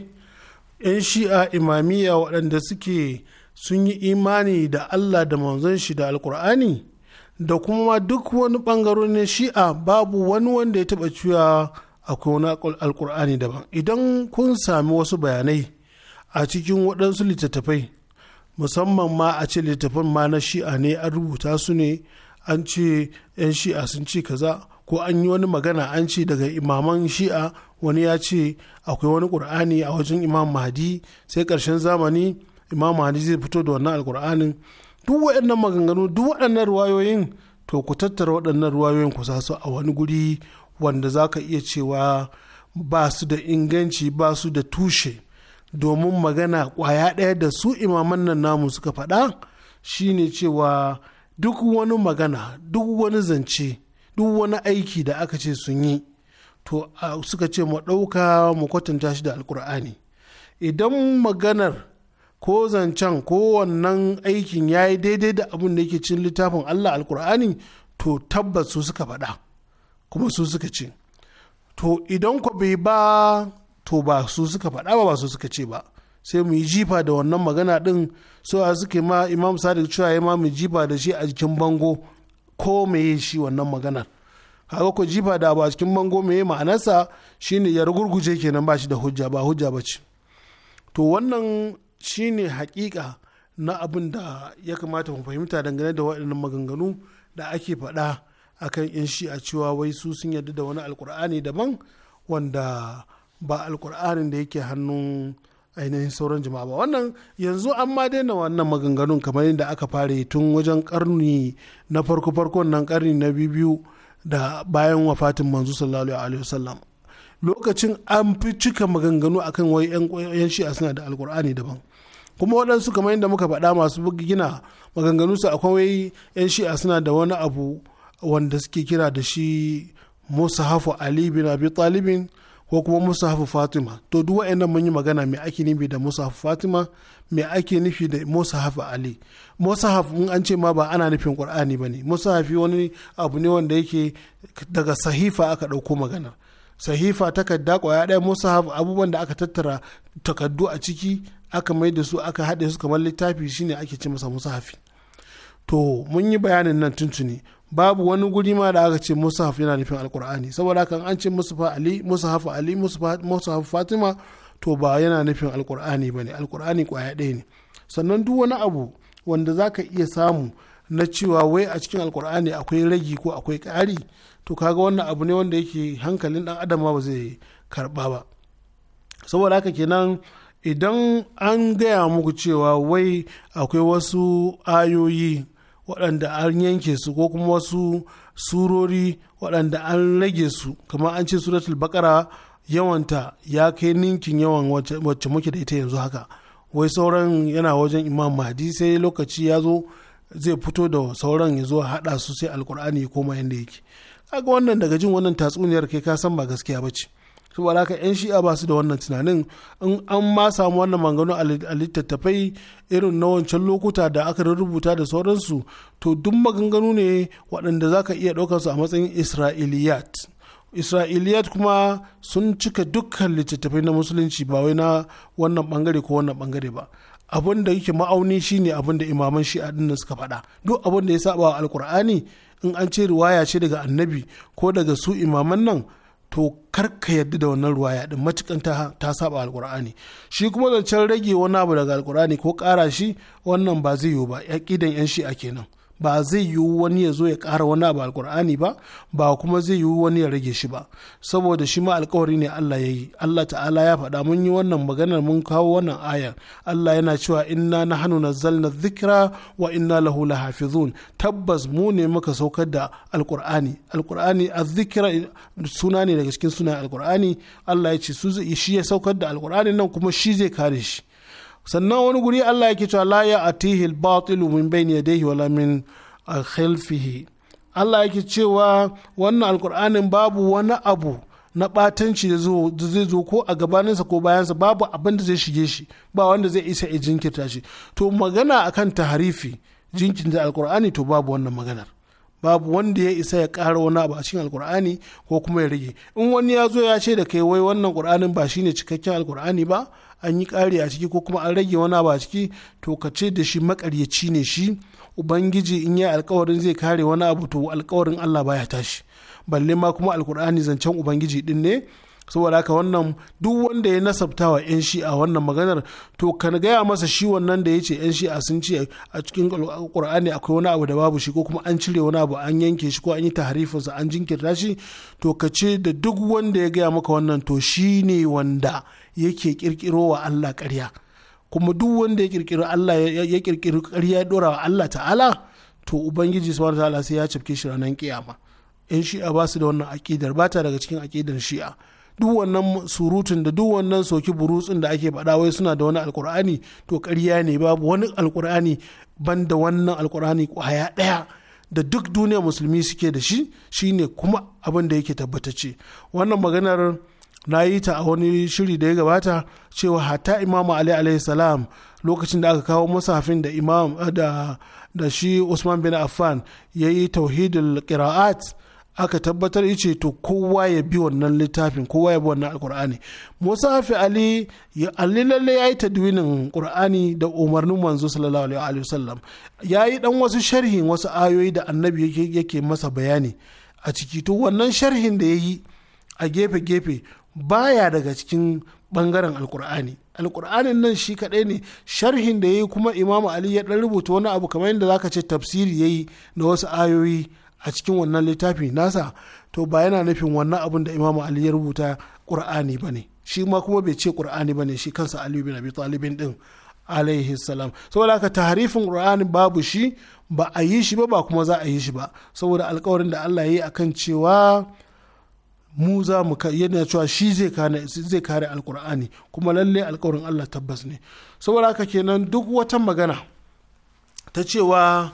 yan shi'a imamiya waɗanda suke sun yi imani da allah da manzon shi da alkur'ani da kuma duk wani ɓangaro na shi'a babu wani wanda ya taɓa cewa akwai wani alkur'ani daban idan kun sami wasu bayanai a cikin waɗansu littattafai musamman ma a ce littattafan ma na shi'a ne an rubuta su ne an ce 'yan shi'a sun ce kaza ko an yi wani magana an ce daga imaman shi'a wani ya ce akwai wani ƙur'ani a wajen imam mahdi sai ƙarshen zamani imam mahdi zai fito da wannan alƙur'anin duk waɗannan maganganu duk waɗannan ruwayoyin to ku tattara waɗannan ruwayoyin ku sa su a wani guri wanda za ka iya cewa ba su da inganci ba su da tushe domin magana ƙwaya ɗaya da su imaman nan namu suka faɗa shine cewa duk wani magana duk wani zance duk wani aiki da aka ce sun yi to suka ce mu ɗauka mu kwatanta shi da alkur'ani idan maganar ko zancen ko wannan aikin ya yi daidai da abin da yake cin littafin allah alkur'ani to tabbas su suka faɗa kuma su suka ce to idan ku bai ba to ba su suka faɗa ba ba su suka ce ba sai mu yi jifa da wannan magana ɗin so a suke ma imam sadiq cewa ya ma mu jifa da shi a jikin bango ko meye shi wannan maganar haka ko jifa da ba cikin bango meye ma'anarsa shine ya rugurguje kenan ba shi da hujja ba hujja ba ce to wannan shine hakika na abin da ya kamata mu fahimta dangane da waɗannan maganganu da ake faɗa akan in shi a cewa wai su sun yarda da wani alkur'ani daban wanda ba alkur'anin da yake hannun ainihin sauran jama'a ba wannan yanzu an ma daina wannan maganganun kamar yadda aka fara tun wajen karni na farko farkon nan karni na biyu da bayan wafatin manzo sallallahu alaihi wasallam lokacin an fi cika maganganu akan wai yan shi'a suna da alkur'ani daban kuma waɗansu kamar yadda muka faɗa masu gina maganganu su akwai yan shi'a suna da wani abu wanda suke kira da shi musahafu ali bin abi talibin ko kuma musahafu fatima to duk wa'annan mun yi magana me ake nufi da musahafu fatima me ake nufi da musahafu ali musahafu in an ce ma ba ana nufin qur'ani bane musahafi wani abu ne wanda yake daga sahifa aka ɗauko magana sahifa takarda kwaya ɗaya musahafu abubuwan da aka tattara takardu a ciki aka mai da su aka haɗe su kamar littafi shine ake ce masa musahafi to mun yi bayanin nan tuntuni babu wani guri ma da aka ce musahaf yana nufin alkur'ani saboda kan an ce musafa ali musahaf ali musahaf fatima to ba yana nufin alkur'ani ba ne alkur'ani kwaya ɗaya ne sannan duk wani abu wanda za ka iya samu na cewa wai a cikin alkur'ani akwai ragi ko akwai ƙari to kaga wannan abu ne wanda yake hankalin ɗan adam ba zai karɓa ba saboda haka kenan idan an gaya muku cewa wai akwai wasu ayoyi waɗanda an yanke su ko kuma wasu surori waɗanda an rage su kamar an ce suratul bakara yawanta ya kai ninkin yawan wacce muke da ita yanzu haka wai sauran yana wajen imam mahdi sai lokaci ya zo zai fito da sauran ya zo haɗa su sai alkur'ani ya koma yadda yake kaga wannan daga jin wannan tatsuniyar kai ka san ba gaskiya ba ce su walaka 'yan shi'a ba su da wannan tunanin in an ma samu wannan manganu a littattafai irin na wancan lokuta da aka rubuta da sauransu to duk maganganu ne waɗanda za ka iya ɗaukar su a matsayin isra'iliyat isra'iliyat kuma sun cika dukkan littattafai na musulunci ba wai na wannan bangare ko wannan bangare ba abin da yake ma'auni shine abin da imaman shi'a din suka faɗa duk abin da ya saba wa alkur'ani in an ce riwaya ce daga annabi ko daga su imaman nan to kar ka yadda da wannan ruwa ya matukan ta, ta saba alkur'ani shi kuma zancen rage wani abu daga alkur'ani ko kara shi wannan ba zai yiwu ba ya kidan yan shi'a kenan ba zai yiwu wani ya zo ya ƙara wani abu alkur'ani ba ba kuma zai yiwu wani ya rage shi ba saboda shi ma alkawari ne Allah ya yi Allah ta'ala ya faɗa mun yi wannan maganar mun kawo wannan ayar Allah yana cewa inna nahnu nazzalna dhikra wa inna lahu lahafizun tabbas mu ne muka saukar da alkur'ani alkur'ani azzikra suna ne daga cikin sunan alkur'ani Allah ya ce su shi ya saukar da alkur'ani nan kuma shi zai kare shi sannan wani guri Allah yake cewa la ya atihi al-batilu min bayni yadayhi wala min khalfihi Allah yake cewa wannan alkur'anin babu wani abu na batanci da zai zo ko a gabaninsa ko bayansa babu abin da zai shige shi ba wanda zai isa ya jinkirta shi to magana akan taharifi jinkin da alkur'ani to babu wannan maganar babu wanda ya isa ya ƙara wani abu a cikin alkur'ani ko kuma ya rage in wani ya zo ya ce da kai wai wannan kur'anin ba shi ne cikakken alkur'ani ba an yi kare a ciki ko kuma an rage wani abu a ciki to ka ce da shi maƙaryaci ne shi ubangiji in ya alkawarin zai kare wani abu to alkawarin Allah baya tashi balle ma kuma alkur'ani zancen ubangiji din ne saboda haka wannan duk wanda ya nasabta wa 'yan shi'a wannan maganar to kan gaya masa shi wannan da ya ce 'yan shi'a sun ce a cikin qur'ani akwai wani abu da babu shi ko kuma an cire wani abu an yanke shi ko an yi tarifinsa an jinkirta shi to ka ce da duk wanda ya gaya maka wannan to shi ne wanda yake kirkiro wa Allah ƙarya kuma duk wanda ya kirkiro Allah ya ƙirƙiro ƙarya ya ɗora wa Allah ta'ala to ubangiji subhanahu ta'ala sai ya cafke shi ranar kiyama yan shi'a ba su da wannan aƙidar ba ta daga cikin aƙidar shi'a duk wannan surutun da duk wannan soki burutsun da ake faɗa wai suna da wani alkur'ani to ƙarya ne babu wani alkur'ani banda wannan alkur'ani kwaya ɗaya da duk duniya musulmi suke da shi shine kuma abin da yake tabbatace wannan maganar na yi ta a wani shiri da ya gabata cewa hatta imam ali alayhi salam lokacin da aka kawo musafin da imam da shi usman bin affan ya yi tauhidul qira'at aka tabbatar ice to kowa ya bi wannan littafin kowa ya bi wannan alkur'ani musa hafi ali ya alli lalle ya yi tadwinin qur'ani da umarnin manzo sallallahu alaihi wa sallam ya yi dan wasu sharhin wasu ayoyi da annabi yake masa bayani a ciki to wannan sharhin da ya yi a gefe gefe baya daga cikin bangaren alkur'ani alkur'anin nan shi kaɗai ne sharhin da ya yi kuma imamu ali ya dan rubuta wani abu kamar yadda zaka ce tafsiri ya yi na wasu ayoyi a cikin wannan littafi nasa to ba yana nufin wannan abin da imamu ali ya rubuta qur'ani bane shi ma kuma bai ce qur'ani bane shi kansa ali bin abi talibin din alaihi salam saboda haka taharifin qur'ani babu shi ba a yi shi ba ba kuma za a yi shi ba saboda alkawarin da Allah ya yi akan cewa mu za mu yana cewa shi zai kare zai kare alqur'ani kuma lalle alkawarin Allah tabbas ne saboda haka kenan duk wata magana ta cewa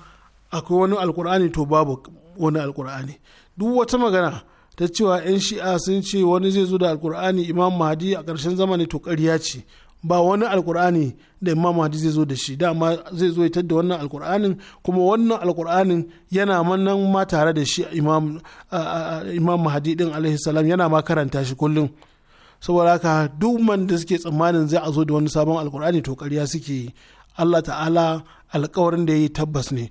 akwai wani alkur'ani to babu wani alkur'ani duk wata magana ta cewa 'yan shi'a sun ce wani zai zo da alkur'ani imam mahdi a ƙarshen zamani to ƙarya ce ba wani alkur'ani da imam mahdi zai zo da shi dama zai zo da wannan alkur'anin kuma wannan alkur'anin yana manan ma tare da shi imam mahdi din alaihi salam yana ma karanta shi kullum saboda haka duk man da suke tsammanin zai a zo da wani sabon alkur'ani to ƙarya suke yi allah ta'ala alkawarin da ya yi tabbas ne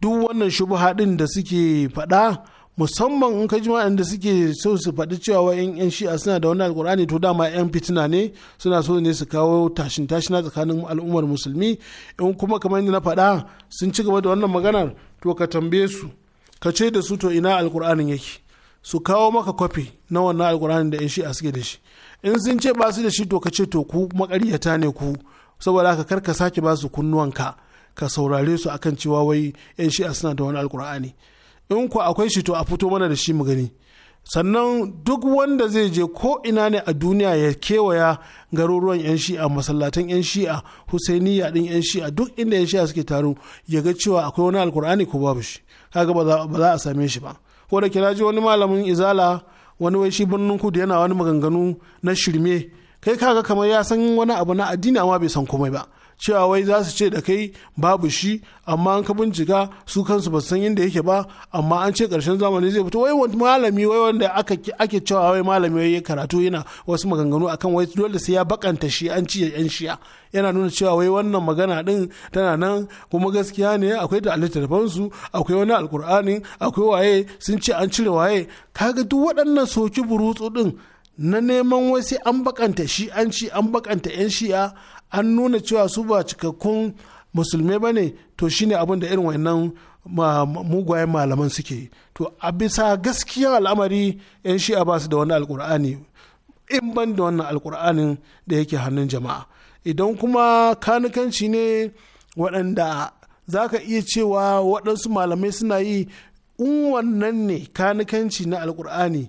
duk wannan shubuha din da suke faɗa musamman in kai ji waɗanda suke so su faɗi cewa wa'in yan shi'a suna da wani alkur'ani to dama yan fitina ne suna so ne su kawo tashin tashina tsakanin al'ummar musulmi in kuma kamar yadda na faɗa sun ci gaba da wannan maganar to ka tambaye su ka ce da su to ina alkur'anin yake su kawo maka kwafi na wannan alkur'anin da yan shi'a suke da shi in sun ce ba su da shi to ka ce to ku makaryata ne ku saboda haka kar ka sake ba su kunnuwanka ka saurare su akan cewa wai 'yan shi'a suna da wani alkur'ani in ku akwai shi to a fito mana da shi mu gani sannan duk wanda zai je ko ina ne a duniya ya kewaya garuruwan 'yan shi'a masallatan 'yan shi'a husainiya din 'yan shi'a duk inda 'yan shi'a suke taro ya ga cewa akwai wani alkur'ani ko babu shi kaga ba za a same shi ba ko da kira ji wani malamin izala wani wai shi birnin kudu yana wani maganganu na shirme kai kaga kamar ya san wani abu na addini amma bai san komai ba cewa wai za su ce da kai babu shi amma an ka bincika su kansu ba san yadda yake ba amma an ce karshen zamani zai fito wai wani malami wai wanda ake cewa wai malami wai karatu yana wasu maganganu akan wai dole sai ya bakanta shi an ci yan shiya yana nuna cewa wai wannan magana din tana nan kuma gaskiya ne akwai da littattafan su akwai wani alkur'ani akwai waye sun ce an cire waye kaga duk waɗannan soki burutsu din na neman wasu an bakanta shi an ci an bakanta 'yan shi'a an nuna cewa su ba cikakkun musulmai ba ne to shi abin da irin wannan mugayen malaman suke to a bisa gaskiya al'amari 'yan shi'a ba su da wani alkur'ani in ban da wannan alkur'anin da yake hannun jama'a idan kuma kanukanci ne waɗanda za ka iya cewa waɗansu malamai suna yi in wannan ne kanikanci na alkur'ani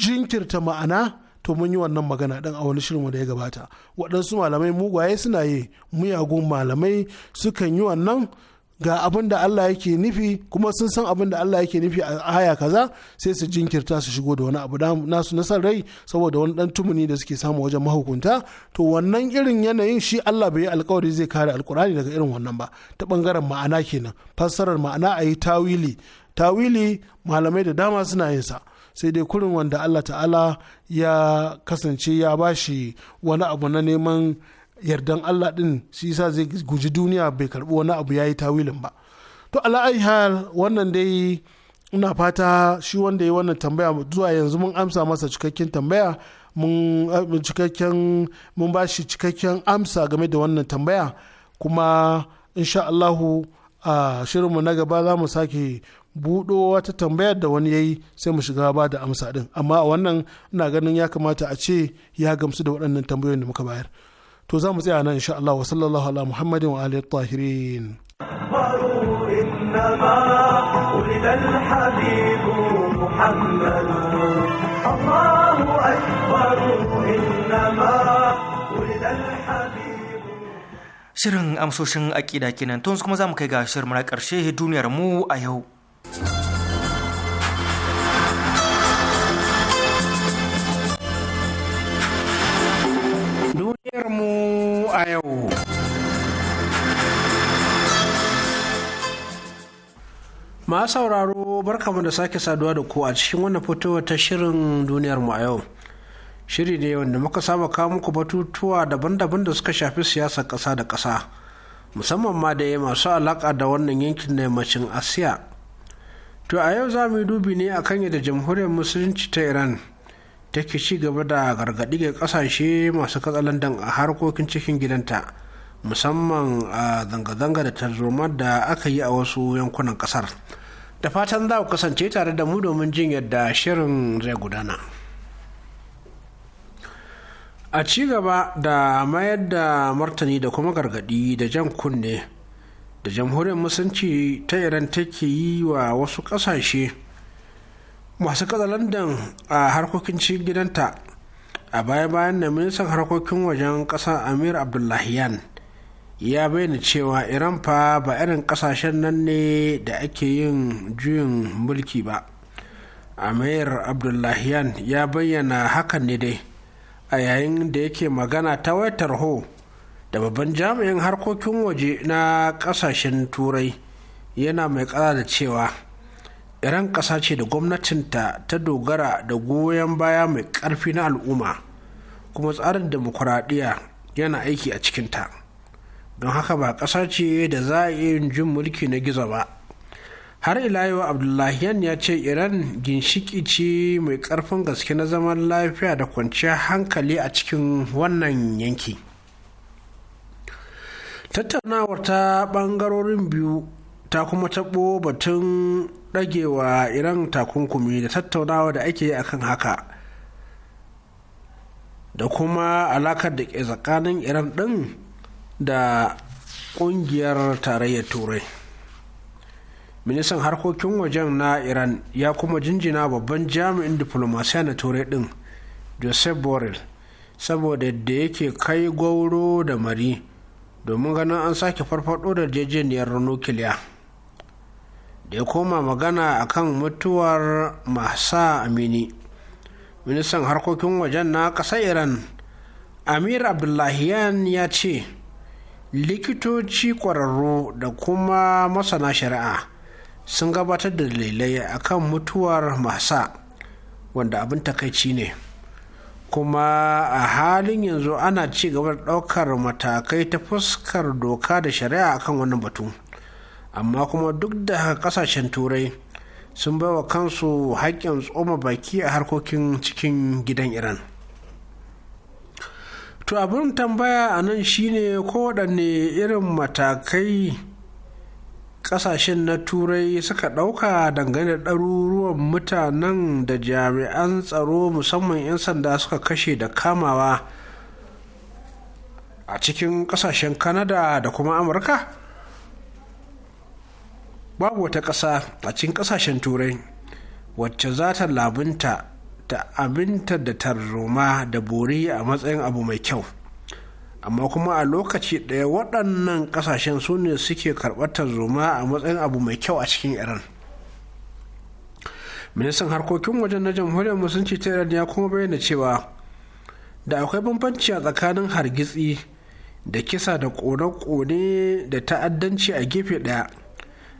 jinkirta ma'ana to mun yi wannan magana dan a wani shirin da ya gabata waɗansu malamai mugaye suna yi muyagun malamai sukan yi wannan ga abin da Allah yake nufi kuma sun san abin da Allah yake nufi a haya kaza sai su jinkirta su shigo da wani abu nasu na san rai saboda wani dan tumuni da suke samu wajen mahukunta to wannan irin yanayin shi Allah bai yi alkawari zai kare alkurani daga irin wannan ba ta bangaren ma'ana kenan fassarar ma'ana a yi tawili tawili malamai da dama suna yin sa sai dai kurin wanda Allah ta'ala ya kasance ya bashi wani abu na neman yardan Allah din shi yasa zai guji duniya bai karbi wani abu yayi tawilin ba to hal wannan dai ina fata shi wanda ya wannan tambaya zuwa yanzu mun amsa masa cikakken tambaya mun eh, cikakken mun ba shi cikakken amsa game da wannan tambaya kuma insha Allahu a shirinmu na gaba za mu sake buɗo wata tambayar da wani ya yi sai mu shiga ba da amsa ɗin amma a wannan ina ganin ya kamata a ce ya gamsu da waɗannan tambayoyin da muka bayar to za mu tsaya nan insha Allah wa sallallahu ala muhammadin wa alihi tahirin Shirin amsoshin aƙida kenan tun kuma za mu kai ga shirin na ƙarshe duniyar mu a yau. Duniyarmu a yau. Ma sauraro barkamu da sake saduwa da ku a cikin wannan fitowa ta shirin duniyarmu a yau. Shiri ne wanda muka saba kawo muku batutuwa daban-daban da suka shafi siyasar ƙasa da ƙasa. Musamman ma da ya masu alaƙa da wannan yankin na yammacin Asiya. to a yau za mu yi dubi ne akan yadda jamhuriyar musulunci ta iran take ci gaba da gargaɗi ga ƙasashe masu katsalandan a harkokin cikin gidanta musamman a zanga-zanga da tarzoma da aka yi a wasu yankunan ƙasar da fatan za ku kasance tare da mu domin jin yadda shirin zai gudana a ci gaba da mayar da martani da kuma gargaɗi da jan kunne da jamhuriyar musulunci ta iran take yi wa wasu ƙasashe masu katsalandan a harkokin cikin gidanta a baya-bayan da ministan harkokin wajen ƙasa amir abdullahiyan ya bayyana cewa iran fa ba irin ƙasashen nan ne da ake yin juyin mulki ba amir abdullahiyan ya bayyana hakan ne dai a yayin da yake magana ta wayar tarho da babban jami'in harkokin waje na kasashen turai yana mai kara da cewa iran ƙasa ce da gwamnatinta ta dogara da goyon baya mai ƙarfi na al'umma kuma tsarin demokuraɗiyya yana aiki a cikinta don haka ba ƙasa ce da za a iya yin jin mulki na gizo ba har ila yau abdullahiyan ya ce iran ginshiki ce mai ƙarfin gaske na zaman lafiya da kwanciyar hankali a cikin wannan yanki. tattaunawar ta bangarorin biyu ta kuma taɓo batun ɗagewa iran takunkumi da tattaunawa da ake yi akan haka da kuma alakar da ke tsakanin iran ɗin da ƙungiyar tarayyar turai ministan harkokin wajen na iran ya kuma jinjina babban jami'in diplomasiya na turai ɗin joseph borrell saboda da yake kai gauro da mari domin ganin an sake farfado da jejeniyar nukiliya da ya koma magana a kan mutuwar masa amini ministan harkokin wajen na ƙasar iran amir abdullahiyan ya ce likitoci ƙwararru da kuma masana shari'a sun gabatar da dalilai akan mutuwar masa wanda abin takaici ne kuma a halin yanzu ana ci gaba da ɗaukar matakai ta fuskar doka da shari'a akan wannan batu amma kuma duk da kasashen turai sun baiwa kansu haƙƙin tsoma baki a harkokin cikin gidan iran to abin tambaya a nan shine ko waɗanne irin matakai kasashen na turai suka ɗauka dangane da ɗaruruwan mutanen da jami'an tsaro musamman 'yan sanda suka kashe da kamawa a cikin kasashen Kanada da kuma amurka babu wata ƙasa a cikin kasashen turai wacce za ta labunta ta aminta da tarroma da bori a matsayin abu mai kyau amma kuma a lokaci ɗaya waɗannan ƙasashen su ne suke karɓar tarzoma a matsayin abu mai kyau a cikin iran ministan harkokin wajen na jamhuriyar musulunci ta iran ya kuma bayyana cewa da akwai bambanci a tsakanin hargitsi da kisa da ƙone-ƙone da ta'addanci a gefe ɗaya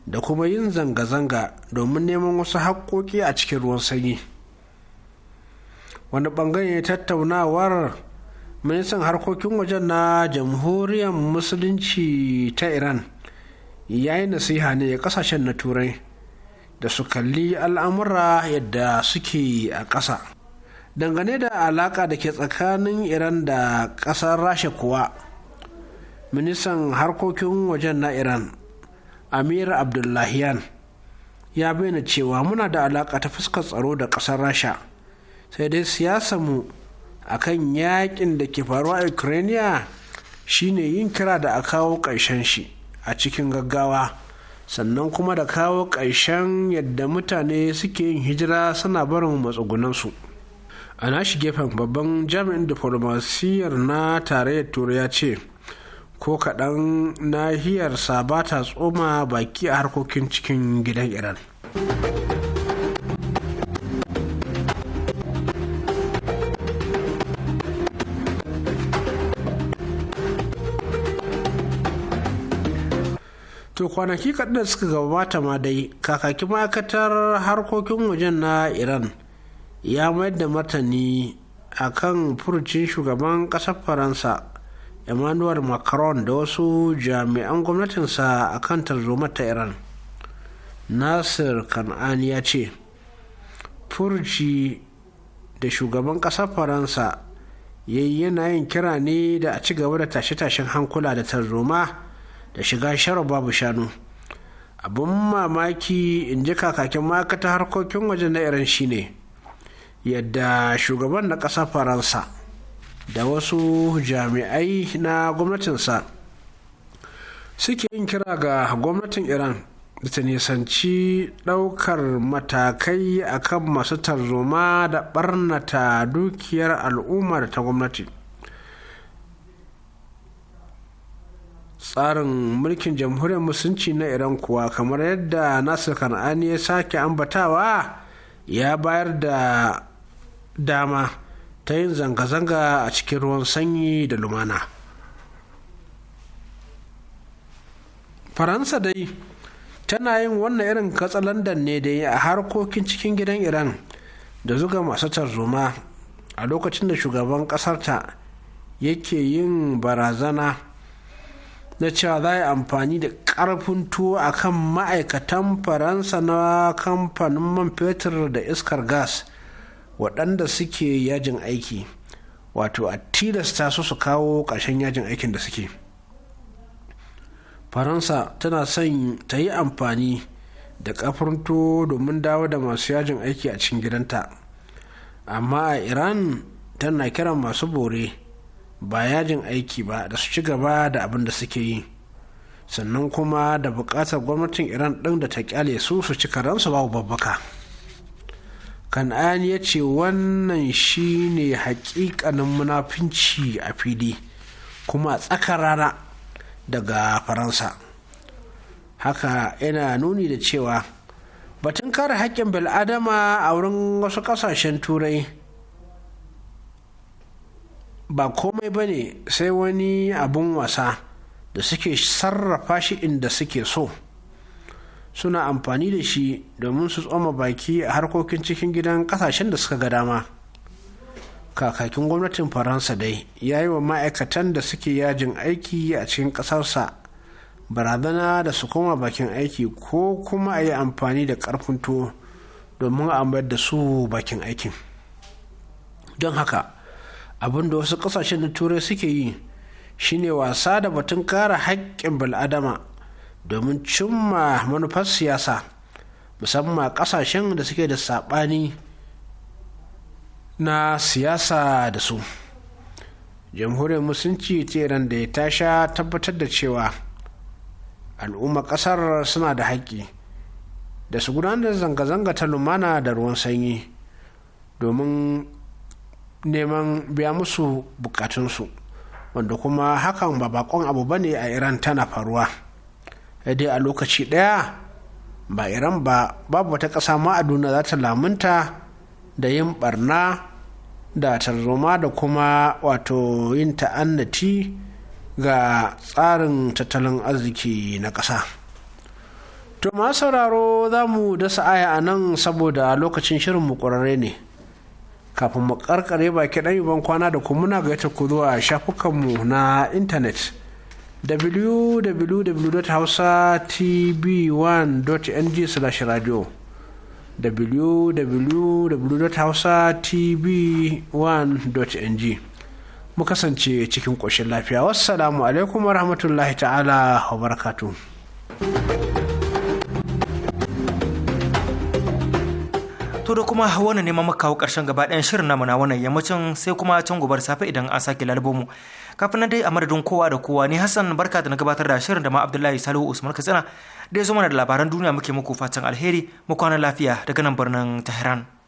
da kuma yin zanga-zanga domin neman wasu haƙƙoƙi a cikin ruwan sanyi wani ɓangare tattaunawar ministan harkokin wajen na jamhuriyar musulunci ta iran ya yi nasiha ne a kasashen na turai da su kalli al'amura yadda suke a ƙasa dangane da alaƙa da ke tsakanin iran da ƙasar rasha kuwa ministan harkokin wajen na iran amir abdullahiyan ya bayyana cewa muna da alaƙa ta fuskar tsaro da ƙasar rasha sai dai siyasa mu akan yakin da ke faruwa a ukraine shine yin kira da a kawo karshen shi a cikin gaggawa sannan kuma da kawo ƙarshen yadda mutane suke yin hijira suna barin matsugunansu a nashi gefen babban jami'in diflomasiyyar na tarayyar turai ya ce ko kaɗan sa ba ta tsoma baki a harkokin cikin gidan iran to kwanaki kaɗan da suka gabata ma dai kakaki ma'aikatar harkokin wajen na iran ya mayar da martani a kan furucin shugaban ƙasar faransa emmanuel macron da wasu jami'an gwamnatinsa a kan tarzoma ta iran nasir Kan'ani ya ce furuci da shugaban ƙasar faransa yayi yana yin kira ne da a ci gaba da tashe-tashen hankula da tarzoma da shiga shara babu shanu abin mamaki in ji kakakin ta harkokin waje na iran shine yadda shugaban na ƙasar faransa da wasu jami'ai na gwamnatinsa suke yin kira ga gwamnatin iran da ta nisanci ɗaukar matakai akan masu tarzoma da ɓarnata dukiyar al'ummar ta gwamnati tsarin mulkin jamhuriyar musulunci na iran kuwa kamar yadda nasir kan'ani ya sake ambatawa ya bayar da dama ta yin zanga-zanga a cikin ruwan sanyi da lumana faransa dai tana yin wannan irin katsalandan ne da a harkokin cikin gidan iran da zuga masu tarzoma a lokacin da shugaban kasarta yake yin barazana na cewa za a yi amfani da karfin tuwo a kan ma'aikatan faransa na kamfanin man fetur da iskar gas waɗanda suke yajin aiki wato a tilasta su su kawo ƙarshen yajin aikin da suke faransa tana son ta yi amfani da kafin tuwo domin dawo da masu yajin aiki a cikin gidanta amma a iran tana kiran masu bore ba yajin aiki ba da su ci gaba da abin da suke yi sannan kuma da buƙatar gwamnatin iran ɗin da ta kyale su su ci karansu babu babbaka kan'ani ya ce wannan shi ne hakikanin munafinci a fili kuma tsakar rana daga faransa haka yana nuni da cewa batun kare haƙƙin bil'adama a wurin wasu ƙasashen turai ba komai ba ne sai wani abun wasa da suke sarrafa shi inda suke so suna amfani da shi domin su tsoma baki a harkokin cikin gidan kasashen da suka ga dama kakakin gwamnatin faransa dai ya yi wa ma'aikatan da suke yajin aiki a cikin ƙasarsa barazana da su koma bakin aiki ko kuma a yi amfani da ƙarfin tuwo domin a da su bakin aikin don haka abin da wasu ƙasashen na turai suke yi shine wasa da batun kara haƙƙin bil'adama domin cimma manufar siyasa musamman ƙasashen da suke da saɓani na siyasa da su jamhuriyar musulunci ta da ya tasha tabbatar da cewa al'umma ƙasar suna da haƙƙi da su gudanar da zanga-zanga ta lumana da ruwan sanyi domin neman biya musu bukatunsu wanda kuma hakan ba bakon abu ba ne a iran tana faruwa dai a lokaci ɗaya ba iran ba babu wata ƙasa ma a duniya za ta lamunta da yin barna da tarzoma da kuma wato yin ta'annati ga tsarin tattalin arziki na ƙasa. To ma sauraro za mu dasa aya a nan saboda lokacin shirin mu ƙwararre ne. kafin mu karkare baki dan yuban kwana da kuma muna gaita ku zuwa shafukanmu na intanet www.hausatv1.ng/radio www.hausatv1.ng mu kasance cikin ƙoshin lafiya wassalamu alaikum rahmatullahi ta'ala wa barakatu. To da kuma wannan ne maka kawo karshen gaba ɗayan shirin namu na wannan yammacin sai kuma can gobar safe idan an sake mu Kafin nan dai a madadin kowa da kowa ne Hassan barka da na gabatar da shirin da ma Abdullahi Salihu Usman Katsina da ya zo mana da labaran duniya muke muku fatan alheri mu kwana lafiya daga nan birnin Tehran.